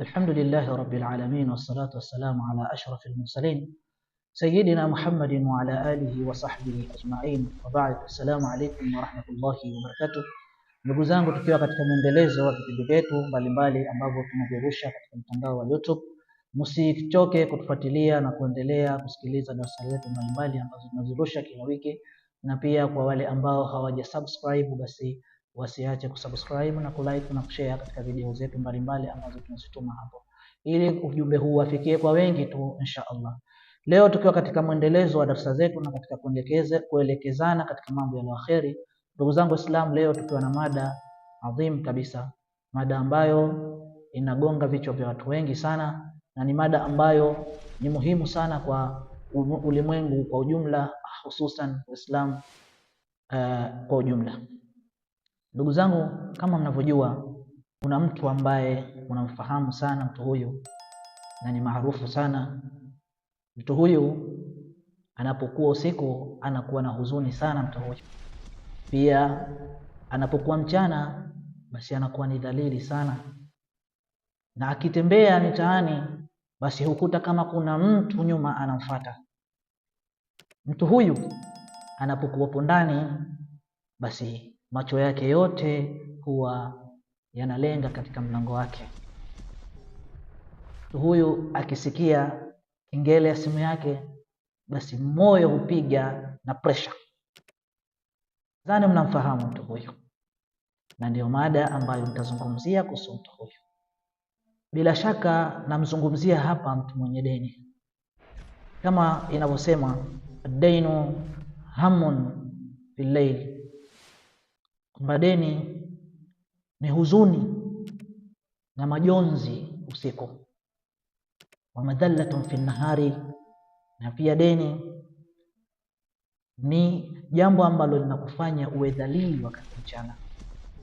الحمد لله رب العالمين والصلاة والسلام على أشرف المرسلين سيدنا محمد وعلى آله وصحبه أجمعين وبعد السلام عليكم ورحمة الله وبركاته Ndugu zangu tukiwa katika mwendelezo wa vipindi vyetu mbalimbali ambavyo tunavyorusha katika mtandao wa YouTube, msichoke kutufuatilia na kuendelea kusikiliza darasa letu mbalimbali ambazo tunazirusha kila wiki, na pia kwa wale ambao hawaja subscribe basi wasiache kusubscribe na kulike na kushare katika video zetu mbalimbali ambazo tunazituma hapo, ili ujumbe huu wafikie kwa wengi tu insha Allah. Leo tukiwa katika mwendelezo wa darsa zetu na katika kuelekeza kuelekezana katika mambo ya laheri, ndugu zangu Waislamu, leo tukiwa na mada adhim kabisa, mada ambayo inagonga vichwa vya watu wengi sana na ni mada ambayo ni muhimu sana kwa ulimwengu kwa ujumla, hususan Uislamu uh, eh, kwa ujumla. Ndugu zangu, kama mnavyojua, kuna mtu ambaye unamfahamu sana mtu huyu na ni maarufu sana. Mtu huyu anapokuwa usiku anakuwa na huzuni sana mtu huyu, pia anapokuwa mchana basi anakuwa ni dhalili sana, na akitembea mitaani basi hukuta kama kuna mtu nyuma anamfata mtu huyu. Anapokuwapo ndani basi macho yake yote huwa yanalenga katika mlango wake. Huyu akisikia kengele ya simu yake, basi moyo hupiga na presha. Zani mnamfahamu mtu huyu, na ndiyo mada ambayo mtazungumzia kuhusu mtu huyu. Bila shaka namzungumzia hapa mtu mwenye deni, kama inavyosema deinu hamun fil lail madeni ni huzuni na majonzi usiku, wa madhallatun fi nahari, na pia deni ni jambo ambalo linakufanya uwe dhalili wakati mchana.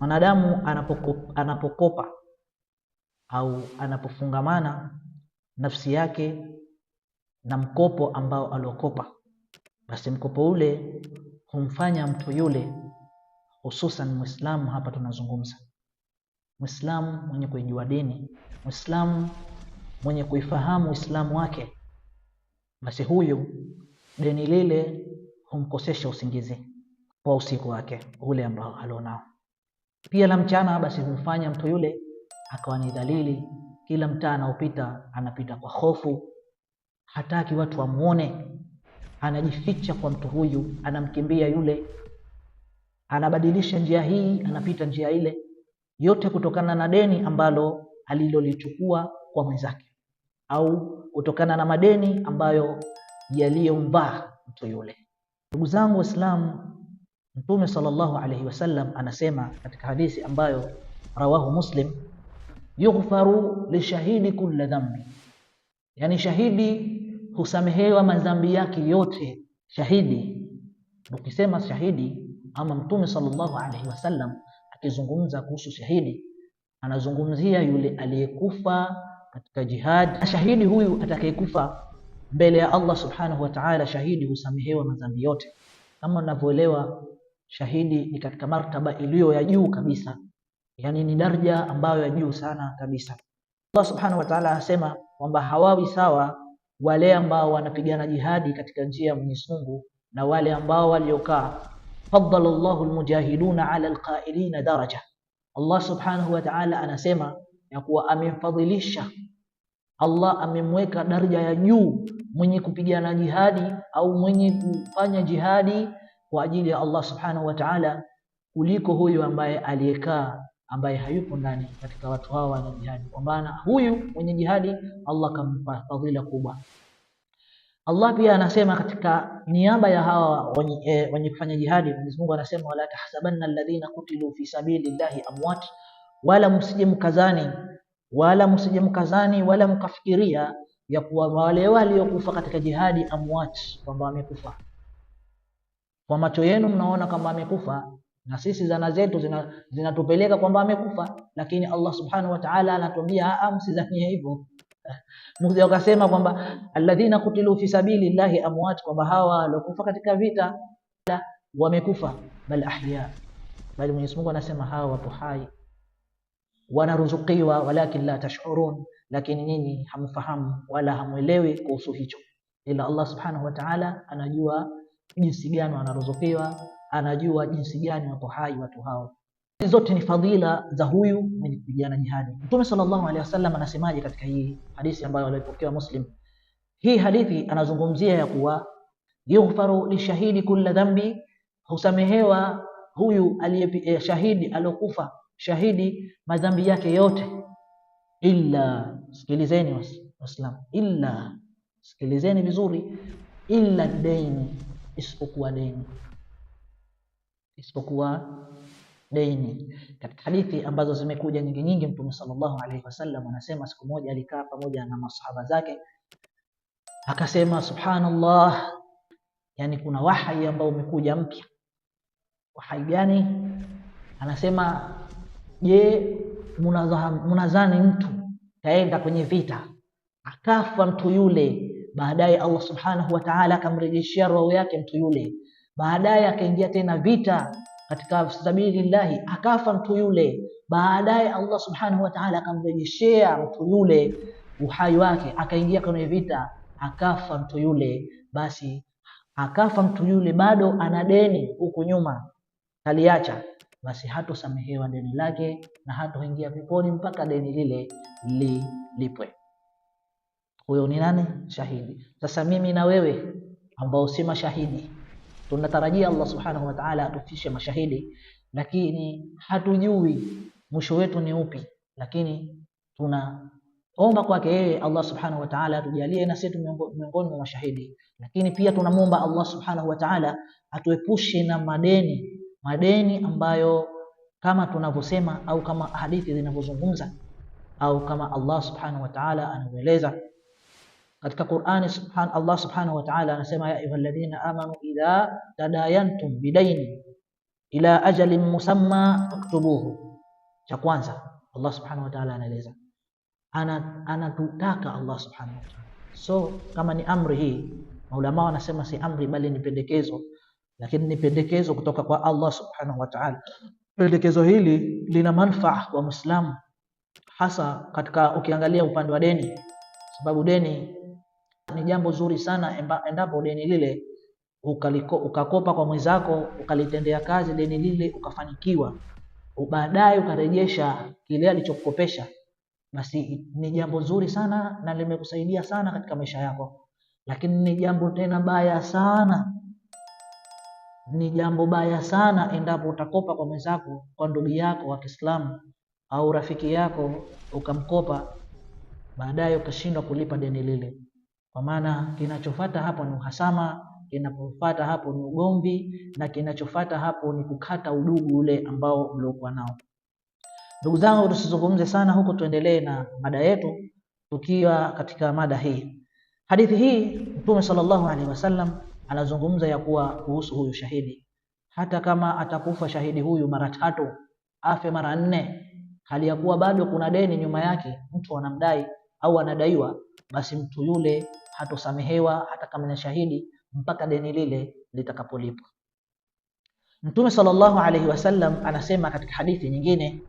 Mwanadamu anapokopa au anapofungamana nafsi yake na mkopo ambao aliokopa, basi mkopo ule humfanya mtu yule hususan Mwislamu hapa tunazungumza, Mwislamu mwenye kuijua dini, Mwislamu mwenye kuifahamu Uislamu wake, basi huyu deni lile humkosesha usingizi kwa usiku wake ule ambao alionao, pia la mchana, basi humfanya mtu yule akawa ni dhalili. Kila mtaa anaopita anapita kwa hofu, hataki watu wamuone, anajificha kwa mtu huyu, anamkimbia yule anabadilisha njia hii, anapita njia ile, yote kutokana na deni ambalo alilolichukua kwa mwenzake, au kutokana na madeni ambayo yaliyombaa mtu yule. Ndugu zangu Waislamu, Mtume sallallahu alayhi wasallam anasema katika hadithi ambayo rawahu Muslim, yughfaru lishahidi kulla dhambi, yani shahidi husamehewa madhambi yake yote. Shahidi ukisema shahidi ama Mtume sallallahu alaihi wasallam akizungumza kuhusu shahidi, anazungumzia yule aliyekufa katika jihad. Shahidi huyu atakayekufa mbele ya Allah subhanahu wa ta'ala, shahidi husamehewa madhambi yote. Kama unavyoelewa, shahidi ni katika martaba iliyo ya juu kabisa, yani ni daraja ambayo ya juu sana kabisa. Allah subhanahu wa ta'ala asema kwamba hawawi sawa wale ambao wanapigana jihadi katika njia ya Mwenyezi Mungu na wale ambao waliokaa faddala Allahu almujahiduna ala alqailina daraja. Allah subhanahu wa ta'ala anasema ya kuwa amemfadhilisha Allah amemweka daraja ya juu mwenye kupigana jihadi au mwenye kufanya jihadi kwa ajili ya Allah subhanahu wa ta'ala kuliko huyu ambaye aliyekaa ambaye hayupo ndani katika watu hawa wana jihadi, kwa maana huyu mwenye jihadi Allah kampa fadhila kubwa. Allah pia anasema katika niaba ya hawa eh, wenye kufanya jihadi, Mwenyezi Mungu anasema wala tahsabanna alladhina kutilu fi sabilillahi amwat, wala msije mkazani, wala msije mkazani, wala mkafikiria ya kuwa wale waliokufa katika jihadi amwat, kwamba wamekufa. Kwa macho yenu mnaona kwamba amekufa, na sisi zana zetu zinatupeleka zina kwamba amekufa, lakini Allah subhanahu wa ta'ala anatuambia a, msizanie hivyo mmoja wakasema kwamba alladhina kutilu fi sabili llahi amwat, kwamba hawa waliokufa katika vita wamekufa, bal ahya, bali Mwenyezi Mungu anasema hawa wapo hai, wanaruzukiwa, walakin la tashurun, lakini nyinyi hamfahamu wala hamwelewi kuhusu hicho, ila Allah subhanahu wa ta'ala anajua jinsi gani wanaruzukiwa, anajua jinsi gani wapo hai watu hao zote ni fadhila za huyu mwenye kupigana jihadi. Mtume sallallahu alaihi wasallam anasemaje katika hii hadithi ambayo alipokea Muslim? Hii hadithi anazungumzia ya kuwa yughfaru lishahidi kulla dhambi, husamehewa huyu aliye eh, shahidi aliokufa shahidi madhambi yake yote, illa, sikilizeni Waislamu, illa, sikilizeni vizuri, illa deni, isipokuwa deni, isipokuwa deni Katika hadithi ambazo zimekuja nyingi nyingi, Mtume sallallahu alaihi wasallam anasema siku moja alikaa pamoja na masahaba zake akasema, subhanallah, yani kuna wahai ambao umekuja mpya. Wahai gani? Anasema, je, munazani mtu kaenda kwenye vita akafa mtu yule, baadaye Allah subhanahu wa ta'ala akamrejeshia roho yake mtu yule, baadaye akaingia tena vita katika sabili lillahi, akafa mtu yule. Baadaye Allah subhanahu wa ta'ala akamrejeshea mtu yule uhai wake, akaingia kwenye vita, akafa mtu yule. Basi akafa mtu yule, bado ana deni huku nyuma kaliacha, basi hatosamehewa deni lake na hatoingia peponi mpaka deni lile lilipwe. Huyo ni nani? Shahidi. Sasa mimi na wewe ambao si mashahidi tunatarajia Allah subhanahu wa ta'ala atufishe mashahidi, lakini hatujui mwisho wetu ni upi, lakini tunaomba kwake yeye Allah subhanahu wa ta'ala atujalie na sisi miongoni mwa mashahidi, lakini pia tunamwomba Allah subhanahu wa ta'ala atuepushe na madeni, madeni ambayo kama tunavyosema au kama hadithi zinavyozungumza au kama Allah subhanahu wa ta'ala anavyoeleza katika Qur'ani subhan Allah subhanahu wa ta'ala anasema ya ayyuhal ladhina amanu idha tadayantum bidaini ila ajalin musamma faktubuhu. Cha kwanza Allah subhanahu wa ta'ala anaeleza, anatutaka ana Allah subhanahu wa ta'ala. So kama ni amri hii, maulama wanasema si amri bali ni pendekezo, lakini ni pendekezo kutoka kwa Allah subhanahu wa ta'ala. Pendekezo hili lina manufaa kwa Muislamu hasa katika ukiangalia upande wa deni, sababu deni ni jambo zuri sana endapo deni lile ukaliko, ukakopa kwa mwenzako ukalitendea kazi deni lile ukafanikiwa, baadaye ukarejesha kile alichokukopesha, basi ni jambo zuri sana na limekusaidia sana katika maisha yako. Lakini ni jambo tena baya sana, ni jambo baya sana endapo utakopa kwa mwenzako, kwa ndugu yako wa Kiislamu au rafiki yako ukamkopa, baadaye ukashindwa kulipa deni lile. Kwa maana kinachofata hapo ni uhasama, kinachofata hapo ni ugomvi, na kinachofata hapo ni kukata udugu ule ambao mliokuwa nao. Ndugu zangu, tusizungumze sana huko, tuendelee na mada yetu, tukiwa katika mada hii. Hadithi hii Mtume sallallahu alaihi wasallam anazungumza ya kuwa kuhusu huyu shahidi, hata kama atakufa shahidi huyu mara tatu, afe mara nne, hali ya kuwa bado kuna deni nyuma yake, mtu anamdai au anadaiwa basi mtu yule hatosamehewa hata kama ni shahidi mpaka deni lile litakapolipwa. Mtume sallallahu alaihi wasallam anasema katika hadithi nyingine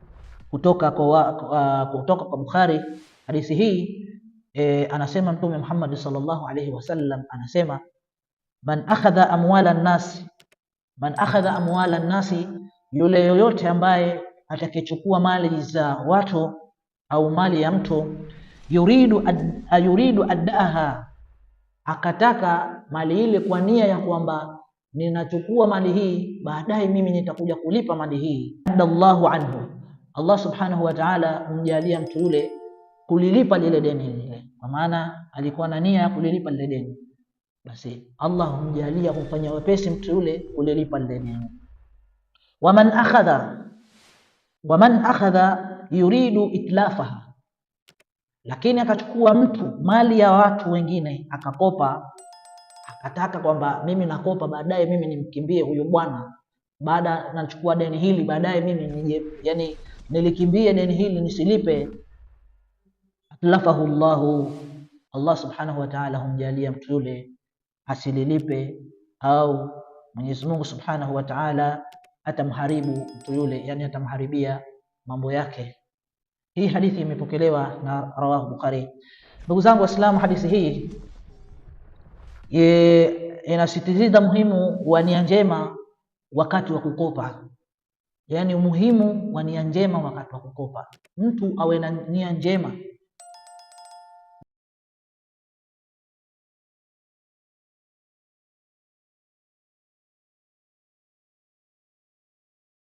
kutoka kwa, uh, kutoka kwa Bukhari hadithi hii e, anasema Mtume Muhammad sallallahu alaihi wasallam anasema man akhadha amwala nasi man akhadha amwala nasi, yule yoyote ambaye atakichukua mali za watu au mali ya mtu yuridu ad, yuridu addaha, akataka mali ile kwa nia ya kwamba ninachukua mali hii, baadaye mimi nitakuja kulipa mali hii. Allahu anhu, Allah subhanahu wa ta'ala umjalia mtu yule kulilipa lile deni lile, kwa maana alikuwa na nia ya kulilipa lile deni, basi Allah humjalia kumfanya wepesi mtu yule kulilipa lile deni. Waman akhadha, waman akhadha yuridu itlafaha lakini akachukua mtu mali ya watu wengine akakopa, akataka kwamba mimi nakopa, baadaye mimi nimkimbie huyu bwana, baada nachukua deni hili, baadaye mimi nije, yani nilikimbie deni hili nisilipe. Atlafahu llahu, Allah subhanahu wa ta'ala humjalia mtu yule asililipe, au Mwenyezi Mungu subhanahu wa ta'ala atamharibu mtu yule, yani atamharibia mambo yake. Hii hadithi imepokelewa na rawahu Bukhari. Ndugu zangu Waislamu, hadithi hii inasisitiza muhimu wa nia njema wakati wa kukopa, yaani umuhimu wa nia njema wakati wa kukopa, mtu awe na nia njema